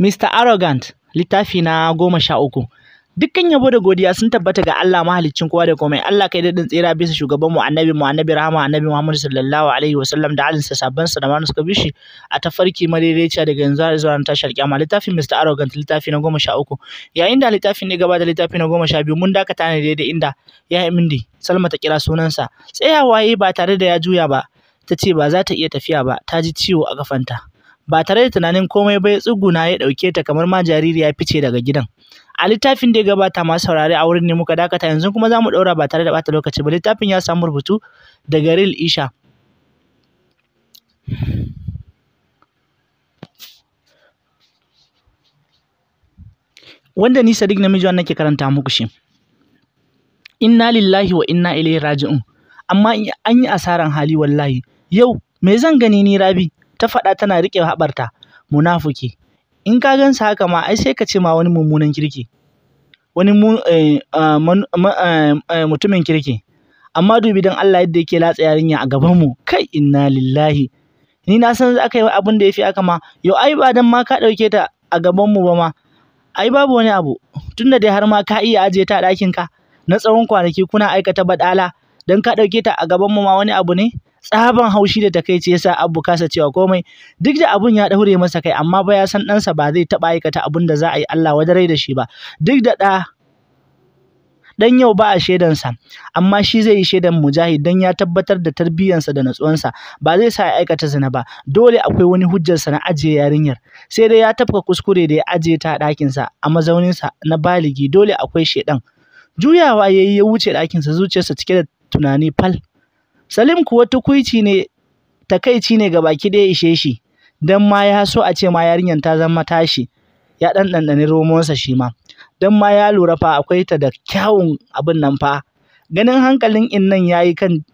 Mr. Arrogant, littafi na goma sha uku. Dukkan yabo da godiya sun tabbata ga Allah mahaliccin kowa da komai. Allah kai daɗin tsira bisa shugabanmu annabi mu annabi rahama annabi Muhammad sallallahu alaihi wa sallam da alinsa sabban sa da ma suka bishi a tafarki madaidaiciya daga yanzu har zuwa tashar amma Littafin Mr. Arrogant littafi na goma sha uku. Yayin da littafin ne gaba da littafi na goma sha biyu mun dakata ne daidai inda ya mindi Salma ta kira sunansa. Tsayawa yi ba tare da ya juya ba. Ta ce ba za ta iya tafiya ba ta ji ciwo a kafanta. ba tare da tunanin komai ba ya tsuguna ya ɗauke ta kamar ma jariri ya fice daga gidan. A littafin da ya gabata masu saurare a wurin ne muka dakata yanzu kuma za mu ɗaura ba tare da ɓata lokaci ba littafin ya samu rubutu daga Ril Isha. Wanda ni Sadiq namiji wannan ke karanta muku shi. Inna lillahi wa inna ilaihi raji'un. Amma an yi asaran hali wallahi. Yau me zan gani ni Rabi? ta faɗa tana riƙe haɓarta, munafuki. In ka gansa haka ma ai sai ka ce ma wani mummunan kirki, wani eh, mutumin kirki. Amma dubi don Allah yadda yake latsa yarinya a gabanmu, kai inna lillahi. Ni na san za ka yi abin da ya fi aka ma, yau ai ba don ma ka ɗauke ta a gabanmu ba ma, ai babu wani abu, tunda dai har ma ka iya ajiye ta a ɗakinka na tsawon kwanaki kuna aikata baɗala. don ka ɗauke ta a gaban mu ma wani abu ne tsaban haushi da takaici yasa abu kasa cewa komai duk da abun ya daure masa kai amma ba ya san ɗansa ba zai taɓa aikata abun da za a yi Allah wadarai da shi ba duk da ɗa dan yau ba a shaidansa amma shi zai yi shaidan mujahid dan ya tabbatar da tarbiyyansa da natsuwansa ba zai sa ya aikata zina ba dole akwai wani hujjar sa na ajiye yarinyar sai dai ya tafka kuskure da ya ajiye ta a ɗakinsa a mazauninsa na baligi dole akwai shaidan juyawa ya ya wuce ɗakinsa zuciyarsa cike da tunani fal. Salim kuwa tukuici ne takaici ne ga baki ɗaya ishe shi dan ma ya so a ce ma yarinyar ta zama tashi ya ɗan ɗanɗani romonsa shi ma ma ya lura fa akwai ta da kyawun abin nan fa ganin hankalin innan yayi kan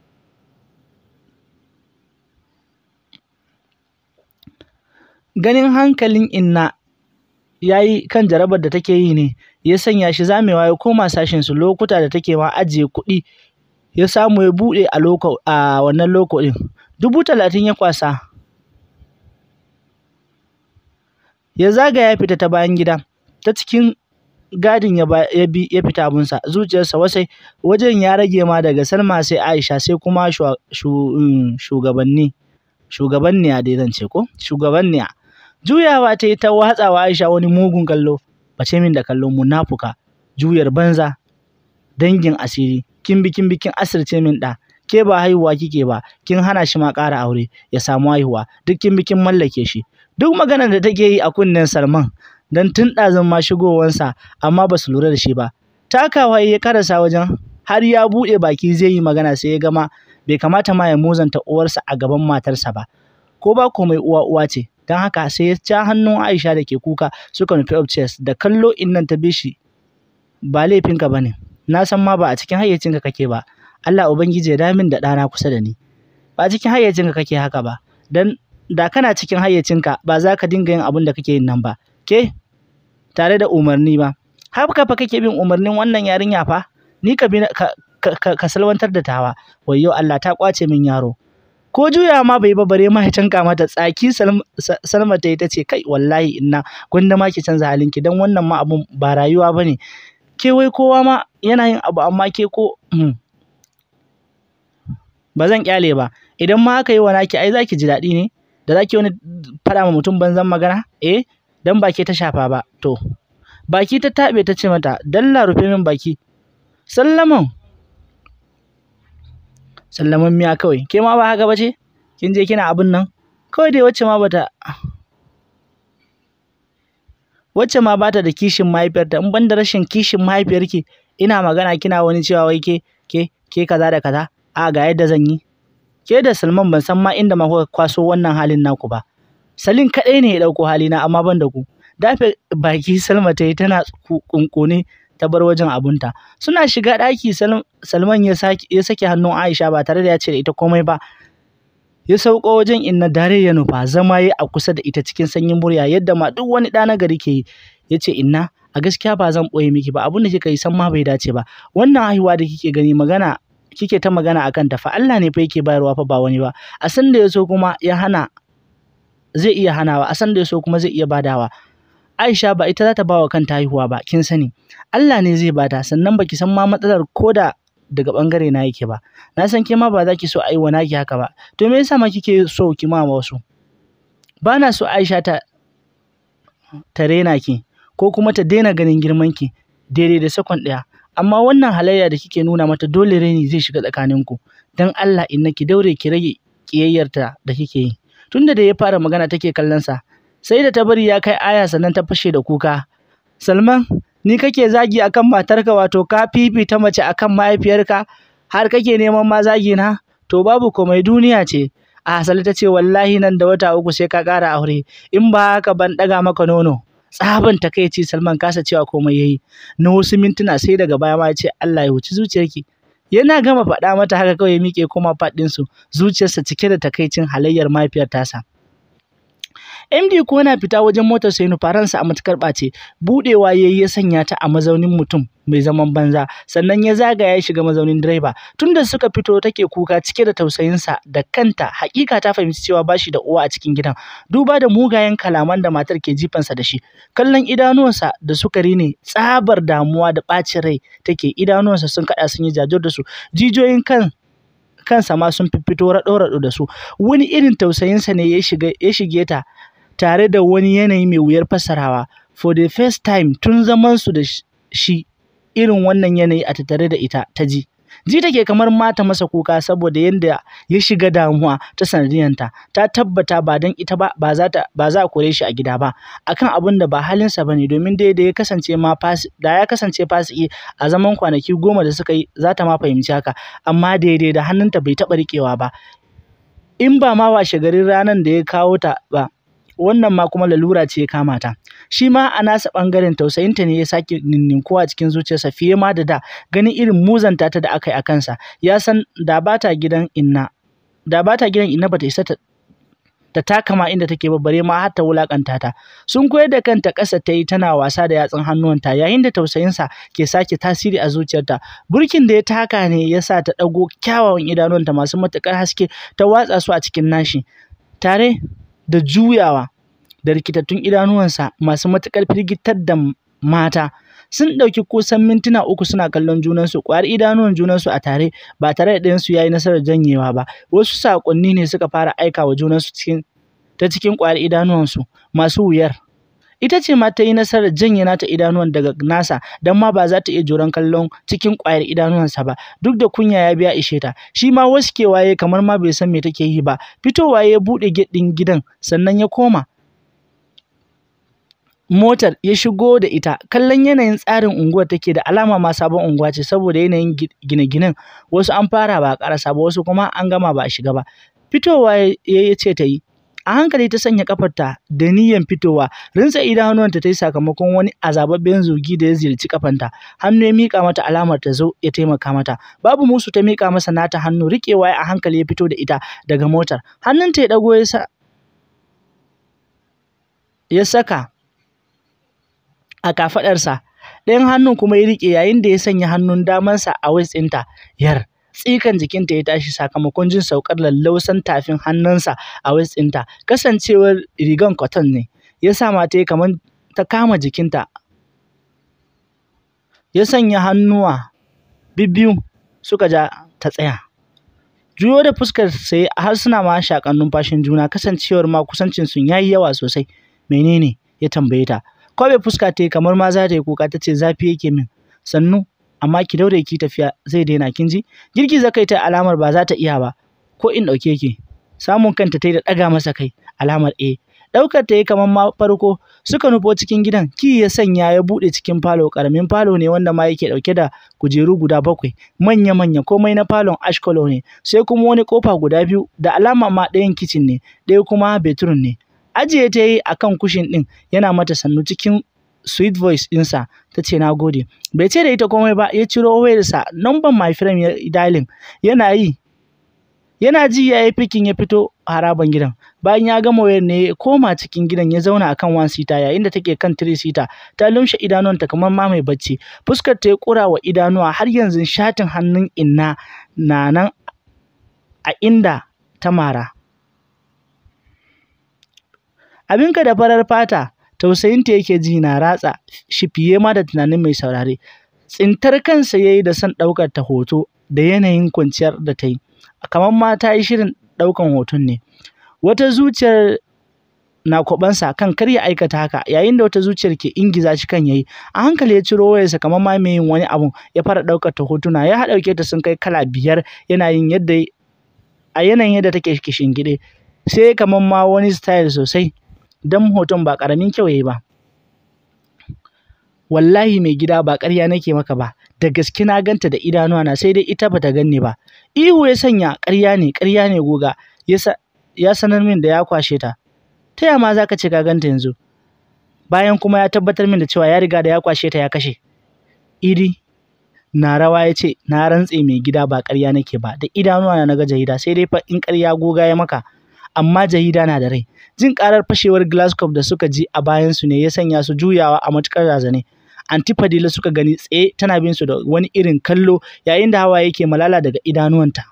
ganin hankalin inna ya yi kan jarabar da take yi ne ya sanya shi zamewa ya koma su lokuta da take ma ajiye kuɗi ya samu ya buɗe a loko a wannan loko ɗin. Dubu talatin ya kwasa. Ya zaga ya fita ta bayan gida, ta cikin gadin ya, bi ya fita abunsa, zuciyarsa wasai, wajen ya rage ma daga Salma sai Aisha sai kuma um, shugabanni. Shugabanniya dai zan ce ko? Shugabanniya. Juyawa ta yi ta watsawa Aisha wani mugun kallo, bace min da kallon munafuka, juyar banza, dangin asiri. kin bikin bikin asirce min ɗa ke ba haihuwa kike ba kin hana shi ma ƙara aure ya samu haihuwa duk kin bikin mallake shi duk maganar da take yi a kunnen Salman dan tun ɗazun ma shigowansa amma ba su lura da shi ba takawa ya karasa wajen har ya buɗe baki zai yi magana sai ya gama bai kamata ma ya muzanta uwarsa a gaban matarsa ba ko ba komai uwa uwa ce don haka sai ya ca hannun Aisha da ke kuka suka nufi upstairs da kallo in nan ta bi shi ba laifinka bane na san ma ba a cikin hayyacinka kake ba Allah ubangiji ya Min da ɗana kusa da ni ba a cikin hayyacinka kake haka ba dan da kana cikin hayyacinka ba za ka dinga yin abin da kake yin nan ba ke tare da umarni ba haka fa kake bin umarnin wannan yarinya fa ni ka bi ka salwantar da tawa wayyo Allah ta kwace min yaro ko juya ma bai ba bare ma ya tanka mata tsaki Salma ta yi ce kai wallahi inna gwanda ma ki canza halinki dan wannan ma abun ba rayuwa bane ke wai kowa ma yana yin abu amma ke ko hmm. ba zan kyale ba idan ma aka yi wa naki ai zaki ji daɗi ne da zaki wani faɗa ma mutum banzan magana eh dan baki ta shafa ba to baki ta taɓe ta ce mata dalla rufe min baki sallaman sallaman miya kawai ke ma ba haka ba ce kin je kina abin nan kawai dai wacce ma bata wacce ma bata da kishin mahaifiyarta in banda da rashin kishin mahaifiyarki ina magana kina wani cewa wai ke ke ke kaza da kaza a ga yadda zan yi ke da Salman ban san ma inda ma kuka kwaso wannan halin naku ba Salin kadai ne ya ɗauko halina amma ban da ku dafe baki Salma ta yi tana kunkune ta bar wajen abunta suna shiga daki Salman ya sake ya sake hannun Aisha ba tare da ya ce da ita komai ba ya sauko wajen inna dare ya nufa zama ya a kusa da ita cikin sanyin murya yadda ma duk wani ɗa nagari ke yi ya ce inna a gaskiya ba zan ɓoye miki ba abin da kika yi san ma bai dace ba wannan haihuwa da kike gani magana kike ta magana akan ta fa Allah ne fa yake bayarwa fa ba wani ba a san da yaso kuma ya hana zai iya hanawa a san da yaso kuma zai iya badawa Aisha ba ita za ta ba wa kanta haihuwa ba kin sani Allah ne zai bada sannan baki san ma matsalar koda daga bangare na yake ba na san ke ma ba za ki so a yi wa naki haka ba to me yasa ma kike so ki ma wasu ba na so Aisha ta ta rena ki ko kuma ta daina ganin girman ki daidai da sakon ɗaya amma wannan halayya da kike nuna mata dole reni zai shiga tsakanin ku dan Allah inna ki daure ki rage kiyayyarta da kike yi tunda da ya fara magana take kallon sa sai da ta bari ya kai aya sannan ta fashe da kuka Salman ni kake zagi akan matarka wato ka fifita mace akan mahaifiyarka har kake neman ma zagi na to babu komai duniya ce a hasali ta ce wallahi nan da wata uku sai ka kara aure in ba haka ban ɗaga maka nono tsaban takaici Salman kasa cewa komai yayi na wasu mintuna sai daga baya ma ya ce Allah ya huci zuciyarki yana gama faɗa mata haka kawai ya miƙe koma faɗinsu zuciyarsa cike da takaicin halayyar mahaifiyar tasa MD ko yana fita wajen motar sai nufaransa a matukar ɓace, buɗewa yayi ya sanya ta a mazaunin mutum mai zaman banza, sannan ya zaga ya shiga mazaunin direba. Tunda suka fito take kuka cike da tausayinsa da kanta, hakika ta fahimci cewa bashi da uwa a cikin gidan. Duba da mugayen kalaman da matar ke jifansa da shi, kallon idanuwansa da sukari ne tsabar damuwa da ɓacin rai take idanuwansa sun kaɗa sun yi jajir da su, Jijoyin kan kansa ma sun fito raɗo-raɗo da su wani irin tausayinsa ne ya shige ta tare da wani yanayi mai wuyar fassarawa. For the first time tun su da shi irin wannan yanayi a tattare da ita ta ji. Ji take kamar mata masa kuka saboda yadda ya shiga damuwa ta sanadiyanta. Ta tabbata ba don ita ba ba za a kore shi a gida ba akan abin da ba halinsa ne, domin dai da ya kasance ma da ya kasance fasiki a zaman kwanaki goma da suka yi za ta ma fahimci haka amma daidai da hannunta bai taɓa riƙewa ba. In ba ma washe garin ranar da ya kawo ta ba wannan ma kuma lalura ce ya kama ta shi ma a nasa ɓangaren tausayinta ne ya sake ninninkuwa cikin zuciyarsa fiye ma da da ganin irin muzanta ta da aka yi a kansa ya san da ba ta gidan inna da ba ta gidan inna ba ta isa ta takama taka ma inda take babbare ma har ta wulakanta ta sun koyar da kanta ƙasa ta yi tana wasa da yatsun hannuwanta yayin da tausayinsa ke sake tasiri a zuciyarta burkin da ya taka ne ya sa ta ɗago kyawawan idanunta masu matuƙar haske ta watsa su a cikin nashi tare da juyawa da rikitattun idanuwansa masu matuƙar firgitar da mata sun ɗauki kusan mintuna uku suna kallon junansu ƙwayar idanuwan junansu a tare ba tare da ɗayansu ya yi nasarar janyewa ba wasu saƙonni ne suka fara aika wa junansu ta cikin ƙwayar idanuwansu masu wuyar ita ce ma ta yi nasarar janye nata idanuwan daga nasa don ma ba za ta iya joran kallon cikin ƙwayar idanuwansa ba duk da kunya ya biya ishe ta shi ma ke waye, kamar ma bai san me take yi ba fitowa ya buɗe gate gidan sannan ya koma motar ya shigo da ita kallon yanayin tsarin unguwar take da alama ma sabon unguwa ce saboda yanayin gine-ginen wasu an fara ba a karasa ba wasu kuma an gama ba a shiga ba fitowa ya ce ta yi A hankali ta sanya kafarta da niyyar fitowa, rinsa idanuwanta ta yi sakamakon wani azababben zogi da ya ziyarci kafanta. Hannu ya miƙa mata alamar ta zo ya taimaka mata. Babu musu ta miƙa masa nata hannu riƙewa a hankali ya fito da ita daga motar. Hannunta ya ɗago ya sa ya saka a kafaɗarsa, ɗayan hannun kuma ya riƙe yayin da ya sanya hannun damansa a waist ɗinta. Yar. tsikan jikinta ya tashi sakamakon jin saukar lallausan tafin hannunsa a waist ɗinta. Kasancewar rigan cotton ne, ya sa mata kamar ta kama jikinta. Ya sanya hannuwa bibbiyu suka ja ta tsaya. Juyo da fuskar sai har suna ma shakan numfashin juna kasancewar ma kusancin sun yayi yawa sosai. Menene? ya tambaye ta. kobe fuska ta kamar ma za ta yi kuka ta ce zafi yake min. Sannu amma ki daure ki tafiya zai daina kin ji girgiza kai ta alamar ba za ta iya ba ko in dauke ki samun kanta ta da daga masa kai alamar A eh. daukar ta yi kamar ma farko suka nufo cikin gidan ki ya sanya ya bude cikin falo karamin falo ne wanda ma yake dauke da kujeru guda bakwai manya manya komai na falon ash color ne sai kuma wani kofa guda biyu da alama ma ɗayan kitchen ne ɗaya kuma bedroom ne ajiye ta yi akan kushin din yana mata sannu cikin sweet voice insa ta ce na gode bai ce da ita komai ba ya ciro wayarsa number my friend ya dialing yana yi yana ji ya yi fikin ya fito haraban gidan bayan ya gama wayar ne koma cikin gidan ya zauna akan one sita yayin da take kan three sita ta lumshe idanunta kamar ma mai bacci fuskar ta ya kura wa idanuwa har yanzu shatin hannun inna na nan a inda ta mara abinka da farar fata tausayinta yake ji na ratsa shi fiye ma da tunanin mai saurare tsintar kansa yayi da son ɗaukar ta hoto da yanayin kwanciyar da ta yi kamar ma ta yi shirin ɗaukan hoton ne wata zuciyar na kwabansa kan kar ya aikata haka yayin da wata zuciyar ke ingiza shi kan yayi a hankali ya ciro wayarsa kamar ma mai yin wani abu ya fara ɗaukar ta hotuna ya haɗa ta sun kai kala biyar yana yin yadda a yanayin yadda take kishin gide sai kamar ma wani style sosai don hoton ba ƙaramin kyau yayi ba wallahi mai gida ba ƙarya nake maka ba da gaske na ganta da idanuwa na sai dai ita bata ganni ba ihu ya sanya ƙarya ne ƙarya ne goga ya sanar min da ya kwashe ta ta ya ma zaka ce ka ganta yanzu bayan kuma ya tabbatar min da cewa ya riga da ya kwashe ta ya kashe Iri na rawa ya ce na rantse mai gida ba ƙarya nake ba da idanuwa na ga jarida, sai dai fa in ƙarya goga ya maka amma Jahida na da rai. Jin karar fashewar Glasgow da suka ji a bayansu ne ya sanya su juyawa a matukar razane. Anti Fadila suka gani tsaye tana bin su da wani irin kallo yayin da hawa yake malala daga idanuwanta.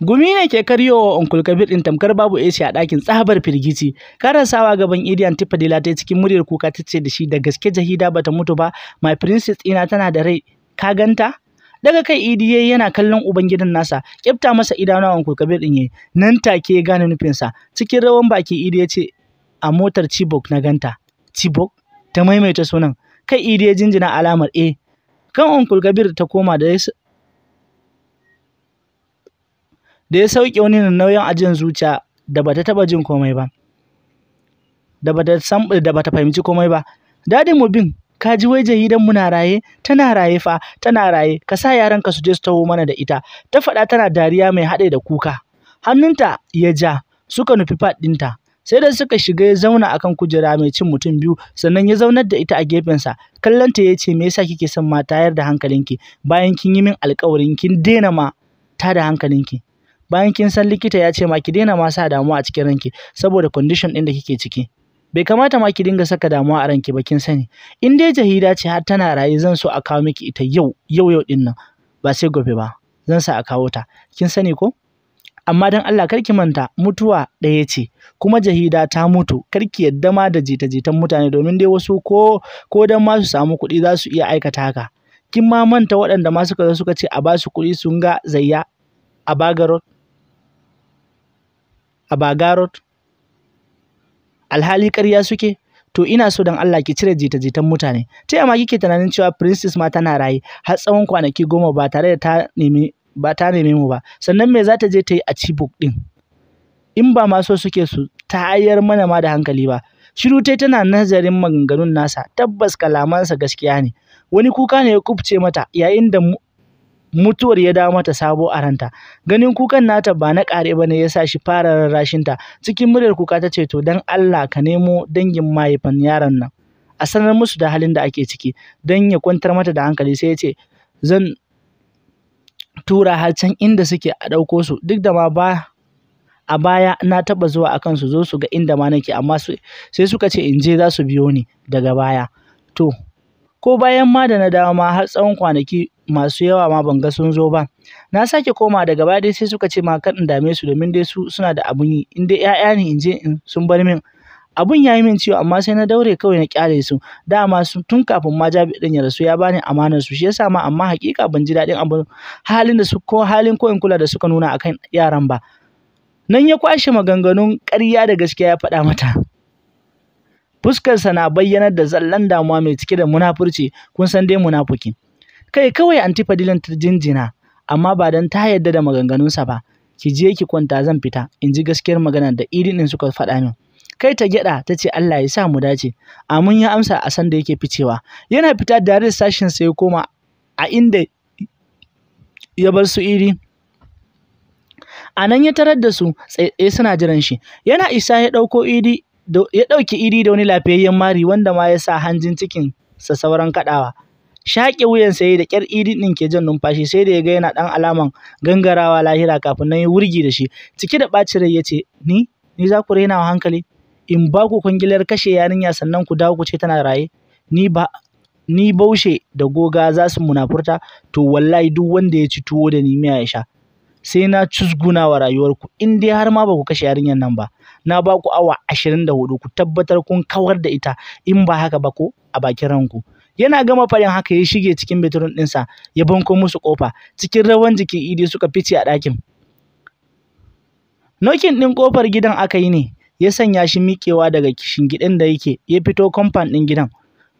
Gumi ne ke karyowa Uncle Kabir din tamkar babu AC a ɗakin tsabar firgici. Karasawa gaban Idi Anti Fadila ta cikin muryar kuka ta ce da shi da gaske Jahida bata mutu ba, my princess ina tana da rai. Ka ganta? daga kai idiye yana kallon ubangidan nasa kyafta masa idanuwan kokabe din yayi nan take ya gane sa cikin rawan baki idiye ce a motar Chibok na ganta Chibok ta maimaita sunan kai idiye jinjina alamar A, eh. kan Uncle Kabir ta koma da ya da ya sauke wani nauyin ajin zuciya da bata taba jin komai ba da bata san da bata fahimci komai ba dadin mubin ka ji wai jahidan muna raye tana raye fa tana raye ka sa yaran ka su je su taho mana da ita ta faɗa tana dariya mai haɗe da kuka hannunta ya ja suka nufi fad ɗinta sai da suka shiga ya zauna akan kujera mai cin mutum biyu sannan ya zaunar da ita a gefensa kallonta ya ce me yasa kike son ma tayar da hankalinki bayan kin yi min alƙawarin kin daina ma ta da hankalinki bayan kin san likita ya ce ma ki daina ma sa damuwa a cikin ranki saboda condition ɗin da kike ciki bai kamata ma ki dinga saka damuwa a ranki ba kin sani in dai jahida ce har tana raye zan so a kawo miki ita yau yau yau din ba sai gobe ba zan sa a kawo ta kin sani ko amma dan Allah kar ki manta mutuwa ɗaya ce kuma jahida ta mutu karki ki yadda ma da jita-jitan mutane domin dai wasu ko ko dan ma su samu kuɗi za su iya aikata haka kin ma manta waɗanda ma suka suka ce a ba su kuɗi sun ga zayya a bagarot a bagarot alhali ƙarya suke to ina so dan Allah ki cire jita-jitan mutane ta yamma kike tunanin cewa princess ma tana raye har tsawon kwanaki goma ba tare da ta nemi ba ta neme mu ba sannan me za ta je ta yi a cibok din in ba ma so suke su ta hayar mana ma da hankali ba shiru tai tana nazarin maganganun nasa tabbas kalamansa gaskiya ne wani kuka ne ya kubce mata yayin da mutuwar ya dawo mata sabo a ranta ganin kukan nata ba na ƙare ba ne ya sa shi fara rarrashinta cikin muryar kuka ta ce to dan Allah ka nemo dangin mahaifan yaron nan a sanar musu da halin da ake ciki dan ya kwantar mata da hankali sai ya ce zan tura har can inda suke a ɗauko su duk da ma ba a baya na taɓa zuwa akan su zo su ga inda ma nake amma sai suka ce in je za su biyo ni daga baya to ko bayan ma da na dawo ma har tsawon kwanaki masu yawa ma ban ga sun zo ba na sake koma daga baya dai sai suka ce ma kan in dame su domin dai su suna da abun yi in dai ƴaƴa ne in je in sun bar min abun yayi min ciwo amma sai na daure kawai na kyale su dama su tun kafin ma jabi din ya rasu ya bani amanar su shi yasa ma amma hakika ban ji daɗin abun halin da su ko halin ko in kula da suka nuna akan yaran ba nan ya kwashe maganganun ƙarya da gaskiya ya faɗa mata fuskarsa na bayyanar da zallan damuwa mai cike da munafurci kun san dai munafukin. Kai kawai anti Fadilan ta jinjina, amma ba dan ta yarda da maganganunsa ba. Ki je ki kwanta zan fita, in ji gaskiyar magana da iri din suka faɗa min. Kai ta gyaɗa ta ce Allah ya sa mu dace. Amun ya amsa a san da yake ficewa. Yana fita da sashin sai koma a inda ya bar su iri. A nan ya tarar da su tsaye suna jiran shi. Yana isa ya ɗauko iri ya ɗauki iri da wani lafiyayyen mari wanda ma ya sa hanjin cikin sa sauran kaɗawa. shaƙe wuyan yayi da ƙyar idin ɗin ke jan numfashi sai da ya ga yana ɗan alaman gangarawa lahira kafin nan ya wurgi da shi ciki da ɓacin rai ya ce ni ni za ku raina hankali in ba ku kwangilar kashe yarinya sannan ku dawo ku ce tana raye ni ba ni baushe da goga za su munafurta to wallahi duk wanda ya ci tuwo da ni miya ya sha sai na cusguna wa rayuwarku in dai har ma ba ku kashe yarinyar nan ba na ba ku awa ashirin da hudu ku tabbatar kun kawar da ita in ba haka ba ko a bakin ranku yana gama faɗin haka ya shige cikin bedroom ɗinsa ya banko musu kofa cikin rawan jiki idi suka fice a ɗakin nokin ɗin kofar gidan aka yi ne ya sanya shi miƙewa daga shingiɗin da yake ya fito compound ɗin gidan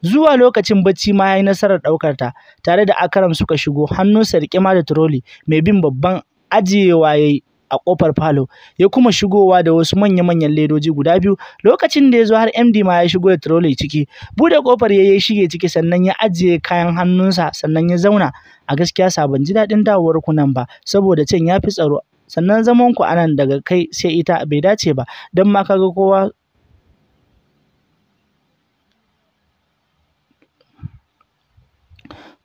zuwa lokacin bacci ma ya nasarar ɗaukar ta tare da akaram suka shigo hannunsa riƙe ma da turoli mai bin babban ajiyewa ya yi a kofar falo ya kuma shigowa da wasu manya-manyan ledoji guda biyu lokacin da ya zo har MD ma ya shigo ya trole ciki bude kofar ya yi shige ciki sannan ya ajiye kayan hannunsa sannan ya zauna a gaskiya sa ji daɗin dawowar ku nan ba saboda can ya fi tsaro sannan zaman ku anan daga kai sai ita bai dace ba don ma kaga kowa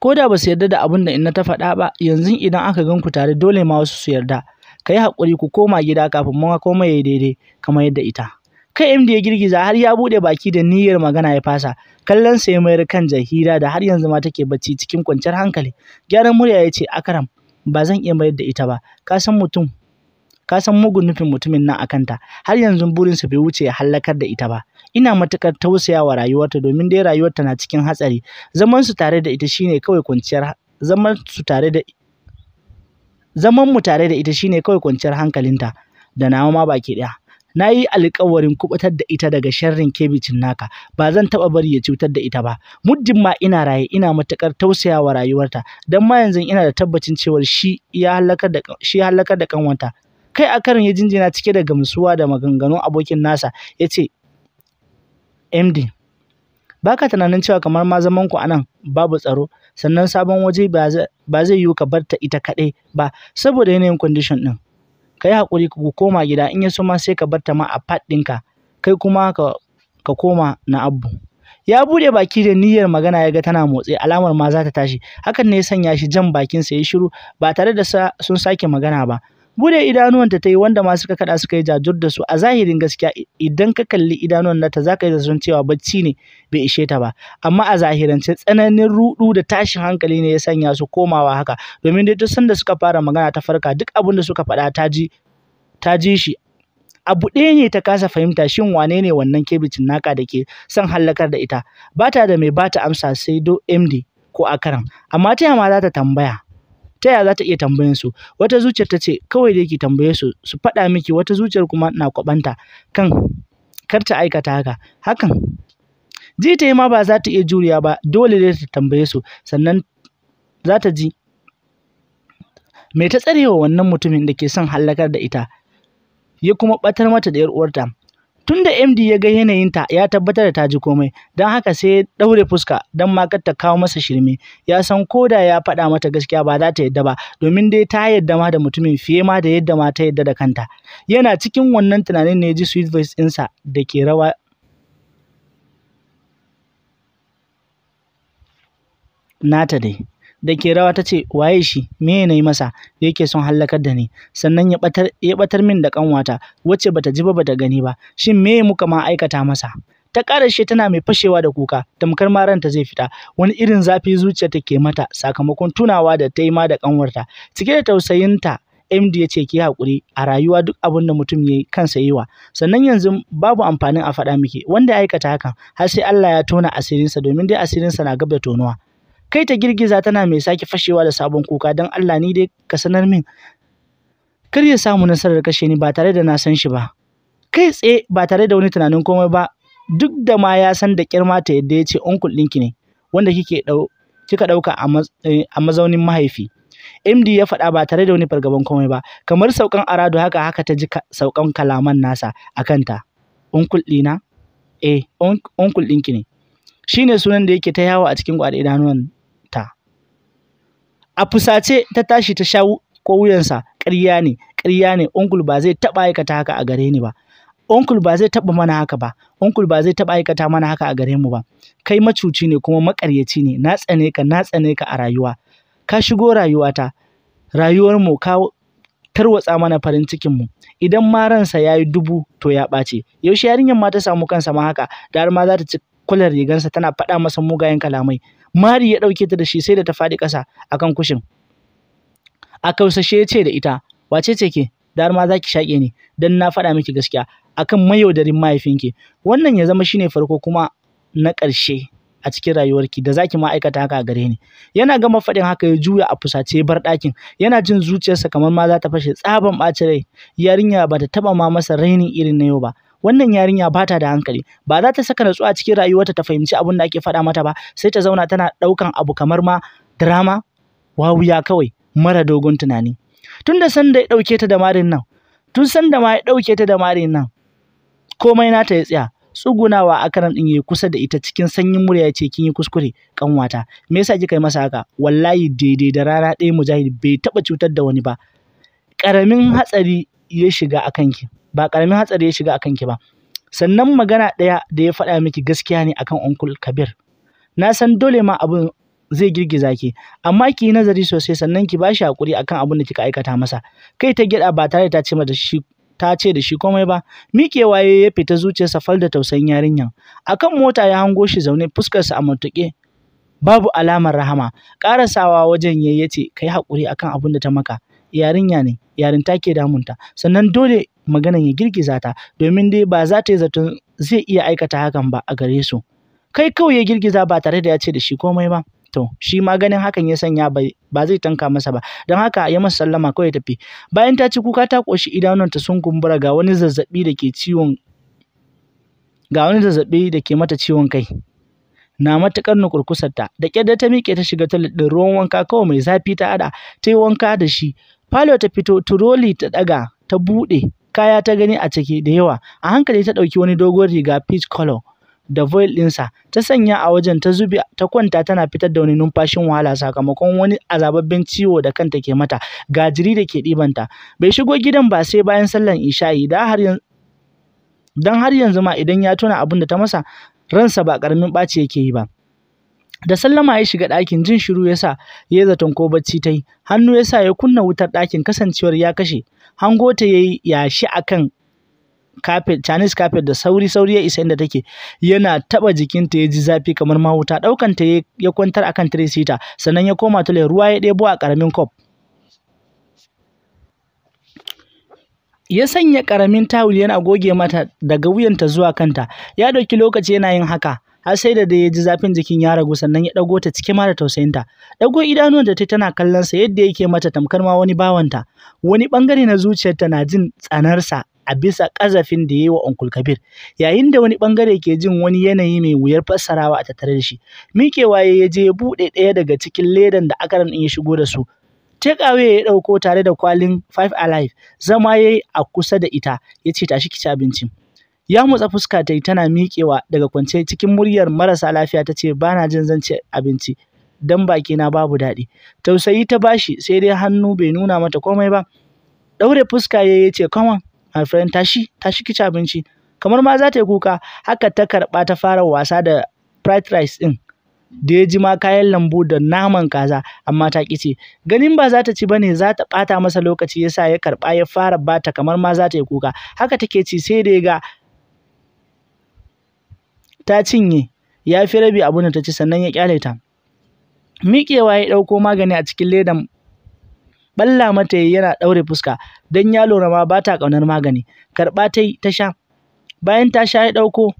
ko da ba su yarda da abin da in na ta faɗa ba yanzu idan aka gan ku tare dole ma wasu su yarda ka yi haƙuri ku koma gida kafin ma komai ya yi daidai kamar yadda ita. Kai MD ya girgiza har ya buɗe baki da niyyar magana ya fasa. Kallon sa ya mayar kan Jahira da har yanzu ma take bacci cikin kwanciyar hankali. Gyaran murya ya ce Akaram ba zan iya mayar da ita ba. Ka san mutum ka san mugun nufin mutumin nan akanta har yanzu burinsa bai wuce ya hallakar da ita ba. ina matuƙar wa rayuwarta domin dai rayuwarta na cikin hatsari zaman su tare da ita shine kawai kwanciyar zaman su tare da zaman mu tare da ita shine kawai kwanciyar hankalinta da nawa ma baki daya na yi alkawarin kubutar da ita daga sharrin kebicin naka ba zan taba bari ya cutar da ita ba muddin ma ina raye ina matuƙar tausayawa rayuwarta dan ma yanzu ina da tabbacin cewa shi ya halakar da shi halakar da kanwanta kai a karin ya jinjina cike da gamsuwa da maganganun abokin nasa yace ce md baka tunanin cewa kamar ma zaman ku anan babu tsaro sannan sabon waje ba zai yiwu ka barta ita kaɗai ba saboda yanayin condition ɗin ka yi haƙuri ku koma gida in ya so ma sai ka bar ta ma a fat ɗinka kai kuma ka, koma na abu ya buɗe baki da niyyar magana ya ga tana motsi alamar ma za ta tashi hakan ne ya sanya shi jan bakinsa ya shiru ba tare da sun sake magana ba bude idanuwanta ta yi wanda ma suka kada suka yi jajur da su a zahirin gaskiya idan ka kalli idanuwan nata za ka yi zaton cewa bacci ne bai ishe ta ba amma a zahirance tsananin rudu da tashin hankali ne ya sanya su komawa haka domin dai duk da suka fara magana ta farka duk abin da suka faɗa ta ji ta ji shi abu ɗaya ne ta kasa fahimta shin wane ne wannan kebicin naka da ke son hallakar da ita Bata da mai ba ta amsa sai do md ko akaran amma ta yama za ta tambaya ta yaya za ta iya tambayan su wata zuciyar ta ce kawai da yake tambaye su su faɗa miki wata zuciyar kuma na kwabanta kan kar ta aikata haka hakan ji ta yi ma ba za ta iya juriya ba dole dai ta tambaye su sannan za ta ji me ta tsarewa wannan mutumin da ke son hallakar da ita ya kuma ɓatar mata da 'yar uwarta tun da MD ya ga yanayinta ya tabbatar da ta ji komai don haka sai ya ɗaure fuska don makar ta kawo masa shirme ya san ko da ya faɗa mata gaskiya ba za ta yadda ba domin dai ta yadda ma da mutumin fiye ma da yadda ma ta yadda da kanta yana cikin wannan tunanin ne ji sweet voice insa da ke rawa nata dai da ke rawa ta ce waye shi me ne yi masa da yake son hallakar da ni sannan ya batar ya batar min da kanwata wacce bata ji ba bata gani ba shin me muka ma aikata masa ta karashe tana mai fashewa da kuka tamkar ma ranta zai fita wani irin zafi zuciya take mata sakamakon tunawa da ta yi ma da kanwarta cike da tausayinta MD ya ce ki haƙuri a rayuwa duk abin da mutum ya yi kansa yi sannan yanzu babu amfanin a faɗa miki wanda ya aikata hakan har sai Allah ya tona asirinsa domin dai asirinsa na gab da tonuwa kai ta girgiza tana mai sake fashewa da sabon kuka don Allah ni dai ka sanar min kar ya samu nasarar kashe ni ba tare da na san shi ba kai tsaye ba tare da wani tunanin komai ba duk da ma ya san da kirma ta yadda ya ce uncle ɗinki ne wanda kike kika ɗauka a eh, mazaunin mahaifi MD ya faɗa ba tare da wani fargaban komai ba kamar saukan arado haka haka ta ji saukan kalaman nasa a kanta uncle ɗina eh uncle ɗinki ne shine sunan da yake ta yawo a cikin gwada idanuwan a fusace ta tashi ta sha ko wuyansa ƙarya ne ƙarya ne onkul ba zai taɓa aikata haka a gare ni ba onkul ba zai taɓa mana haka ba onkul ba zai taɓa aikata mana haka a gare mu ba kai macuci ne kuma maƙaryaci ne na tsane ka na tsane ka a rayuwa ka shigo rayuwata rayuwar mu ka tarwatsa mana farin cikin mu idan ma ransa yayi dubu to ya ɓace yaushe yarinyar ma ta samu kansa ma haka da har ma za ta ci kular rigarsa tana faɗa masa mugayen kalamai mari ya ɗauke ta da shi sai da ta faɗi ƙasa akan kushin a kausashe ya ce da ita wace ce ke dar ma za ki shaƙe ni dan na faɗa miki gaskiya akan mayaudarin mahaifinki wannan ya zama shine farko kuma na ƙarshe a cikin rayuwarki da zaki ma aikata haka a gare ni yana gama faɗin haka ya juya a fusace bar ɗakin yana jin zuciyarsa kamar ma za ta fashe tsaban ɓacin rai yarinya ba ta taɓa ma masa rainin irin na yau ba wannan yarinya ba ta da hankali ba za ta saka natsuwa cikin rayuwarta ta fahimci abin da ake faɗa mata ba sai ta zauna tana ɗaukan abu kamar ma drama wawuya kawai mara dogon tunani tun da san da ya ɗauke ta da marin nan tun san da ma ya ɗauke ta da marin nan komai nata ya tsaya tsugunawa a karan ɗin yayi kusa da ita cikin sanyin murya ya ce kin yi kuskure kanwata me yasa kika yi masa haka wallahi daidai da rana ɗaya mujahid bai taɓa cutar da wani ba ƙaramin hatsari ya shiga a kanki ba ƙaramin hatsari ya shiga akan ki ba sannan magana ɗaya da ya faɗa miki gaskiya ne akan Uncle kabir na san dole ma abin zai girgiza ki amma ki yi nazari sosai sannan ki bashi hakuri akan abin da kika aikata masa kai ta gida ba tare da ta ce mata shi ta ce da shi komai ba miƙe waye ya fita zuciyarsa fal da tausayin yarinyan akan mota ya hango shi zaune fuskarsa a matuƙe babu alamar rahama ƙarasawa wajen yayi yace kai hakuri akan abin da ta maka yarinya ne yarinta ke damunta sannan dole maganan ya girgiza ta domin dai ba za ta yi zaton zai iya aikata hakan ba a gare su kai kawai ya girgiza ba tare da ya ce da shi komai ba to shi ma ganin hakan ya sanya ba zai tanka masa ba don haka ya masa sallama kawai tafi bayan ta ci kuka ta koshi idanunta sun kumbura ga wani zazzabi da ke ciwon ga wani zazzabi da ke mata ciwon kai na matuƙar ta. da kyar da ta miƙe ta shiga toilet din ruwan wanka kawai mai zafi ta ada ta yi wanka da shi falo ta fito turoli ta ɗaga ta buɗe kaya ta gani a ciki da yawa. A hankali ta ɗauki wani dogon riga peach color da voil dinsa, ta sanya a wajen ta zubi ta kwanta tana fitar da wani numfashin wahala sakamakon wani azababben ciwo da kanta ke mata, ga jiri da ke ɗibanta. Bai shigo gidan ba sai bayan sallan isha'i da har yanzu don har yanzu ma idan ya tuna abin da ta masa ransa ba ƙaramin ɓaci yake yi ba. Da sallama ya shiga ɗakin jin shiru ya sa ya zaton ko bacci ta yi, hannu ya sa ya kunna wutar ɗakin kasancewar ya kashe, hango ta ya yi yashi a kan kafet, kafet da sauri-sauri ya isa inda take, yana taɓa jikinta ya ji zafi kamar mahuta, ta ya kwantar akan tire sita, sannan ya koma tule ruwa ya ɗebo a ƙaramin kwaf. ya sanya ƙaramin tawul yana goge mata daga wuyanta zuwa kanta ya ɗauki lokaci yana yin haka har sai da dai ya ji zafin jikin ya ragu sannan ya dago ta cike tausayin tausayinta ɗago idanuwan da ta tana kallon sa yadda yake mata tamkar ma wani bawanta wani bangare na zuciyarta na jin tsanarsa a bisa ƙazafin da yayi wa Onkul Kabir, yayin da wani bangare ke jin wani yanayi mai wuyar fassarawa a tattare da shi. Miƙewa ya je ya buɗe ɗaya daga cikin ledan da akaran ɗin ya shigo da su. Takeaway ya ɗauko tare da kwalin Five Alive, zama ya yi a kusa da ita, ya ce tashi ki ci abincin. ya motsa fuska ta yi tana miƙewa daga kwance cikin muryar marasa lafiya ta ce ba na jin zan ci abinci dan na babu daɗi tausayi ta bashi sai dai hannu bai nuna mata komai ba ɗaure fuska ya yi ce come my friend tashi tashi kici abinci kamar ma za ta yi kuka haka ta karɓa ta fara wasa da fried rice ɗin da ya ji ma kayan lambu da naman kaza amma ta ƙi ce ganin ba za ta ci bane za ta ɓata masa lokaci yasa ya karɓa ya fara bata kamar ma za ta yi kuka haka take ci sai dai ga ta cinye ya fi rabi abin da ta ci sannan ya kyale ta miƙewa ya ɗauko magani a cikin ledan balla mata yana ɗaure fuska don ya lura ma ba ta ƙaunar magani karɓa ta ta sha bayan ta sha ya ɗauko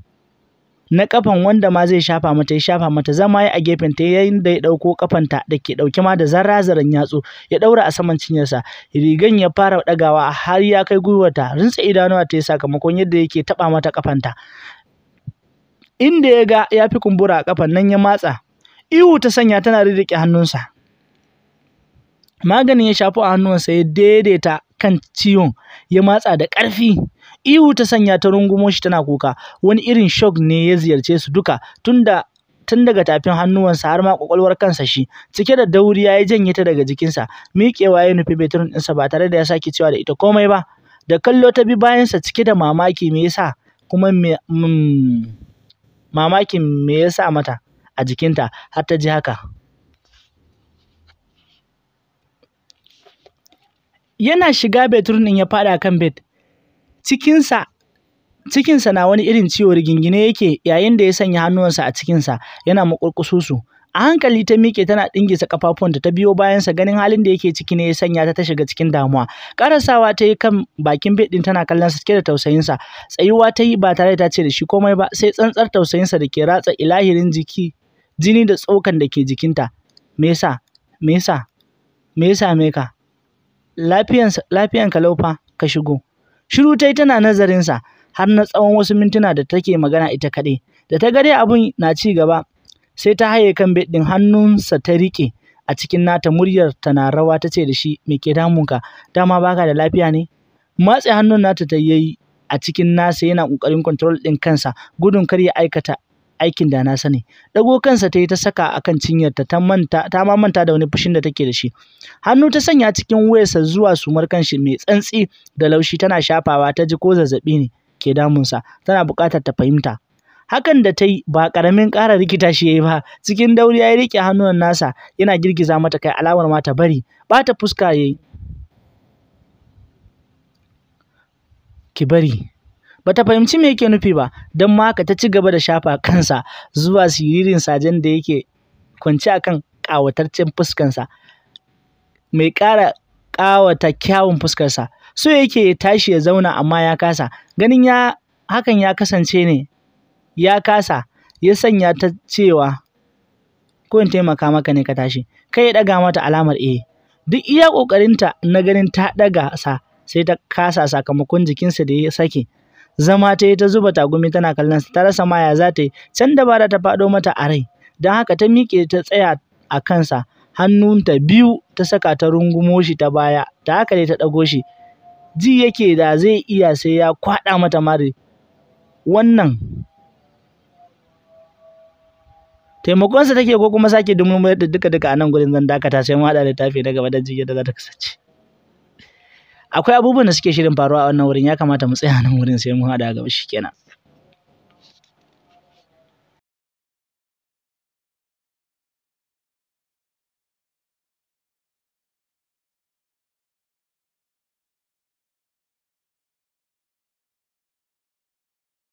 na kafan wanda ma zai shafa mata ya shafa mata zama ya a gefen ta yayin da ya ɗauko kafanta da ke ɗauke ma da zarra zaren yatsu ya ɗaura a saman cinyarsa rigan ya fara ɗagawa har ya kai gwiwarta rintsa idanuwa ta yi sakamakon yadda yake taɓa mata kafanta inda ya ga ya fi kumbura a ƙafan nan ya matsa ihu ta sanya tana rirriƙe hannunsa maganin ya shafi a hannunsa ya daidaita kan ciwon ya matsa da ƙarfi ihu ta sanya ta rungumo shi tana kuka wani irin shock ne ya ziyarce su duka tunda tun daga tafin hannuwansa har ma kwakwalwar kansa shi cike da dauriya ya janye ta daga jikinsa miƙewa ya nufi betrun ɗinsa ba tare da ya sake cewa da ita komai ba da kallo ta bi bayansa cike da mamaki me yasa kuma me mm, mamakin me ya sa mata a jikinta har ta ji haka. Yana shiga bedroom ɗin ya faɗa kan bed. Cikinsa cikinsa na wani irin ciwo rigingine yake yayin da ya sanya hannuwansa a cikinsa yana maƙurƙususu A hankali ta miƙe tana sa kafafunta ta biyo bayansa ganin halin da yake ciki ne ya sanya ta ta shiga cikin damuwa. karasawa ta yi kan bakin bed tana kallon sa sake da tausayinsa. Tsayuwa ta yi ba tare da ta ce da shi komai ba sai tsantsar tausayinsa da ke ratsa ilahirin jiki jini da tsokan da ke jikinta. Me yasa? Me yasa? Me yasa me ka? lafiyan ka laufa ka shigo. Shiru ta yi tana nazarinsa har na tsawon wasu mintuna da take magana ita kaɗai. Da ta ga dai abun na ci gaba sai ta haye kan bed ɗin hannunsa ta riƙe a cikin nata muryar ta na rawa ta ce da shi me ke damunka dama baka da lafiya ne matse hannun nata ta yayi a cikin nasa yana kokarin control ɗin kansa gudun kar ya aikata aikin da na sani dago kansa ta yi ta saka akan cinyarta ta manta ta ma manta da wani fushin da take da shi hannu ta sanya cikin wayarsa zuwa sumar kanshi mai tsantsi da laushi tana shafawa ta ji ko zazzabi ne ke damunsa tana buƙatar ta fahimta Hakan da ta yi ba ƙaramin ƙara rikita shi ya yi ba, cikin dauri ya riƙe hannuwan nasa yana girgiza mata kai alamar ma ta bari, ɓata fuska ya yi. Ki bari. Ba ta fahimci me yake nufi ba, don ma haka ta ci gaba da shafa kansa zuwa siririn sajen da yake kwance a kan ƙawataccen fuskansa, mai ƙara ƙawata kyawun fuskarsa. So yake ya tashi ya zauna amma ya kasa, ganin ya hakan ya kasance ne ya kasa ya sanya ta cewa ko in taimaka maka ne ka tashi kai ya ɗaga mata alamar eh duk iya ƙoƙarinta na ganin ta ɗaga sa sai ta kasa sakamakon jikinsa da ya sake zama ta ta zuba tagumi tana kallon ta rasa maya za ta yi can dabara ta fado mata a rai don haka ta miƙe ta tsaya a kansa hannunta biyu ta saka ta rungumo shi ta baya ta haka ne ta ɗago shi ji yake da zai iya sai ya kwaɗa mata mari wannan taimakonsa take ko kuma sake dumulmuyar da duka duka a nan gurin zan dakata sai mu haɗa littafi na gaba don jiya da za ta kasance akwai abubuwan da suke shirin faruwa a wannan wurin ya kamata mu tsaya nan wurin sai mu haɗa gaba kenan.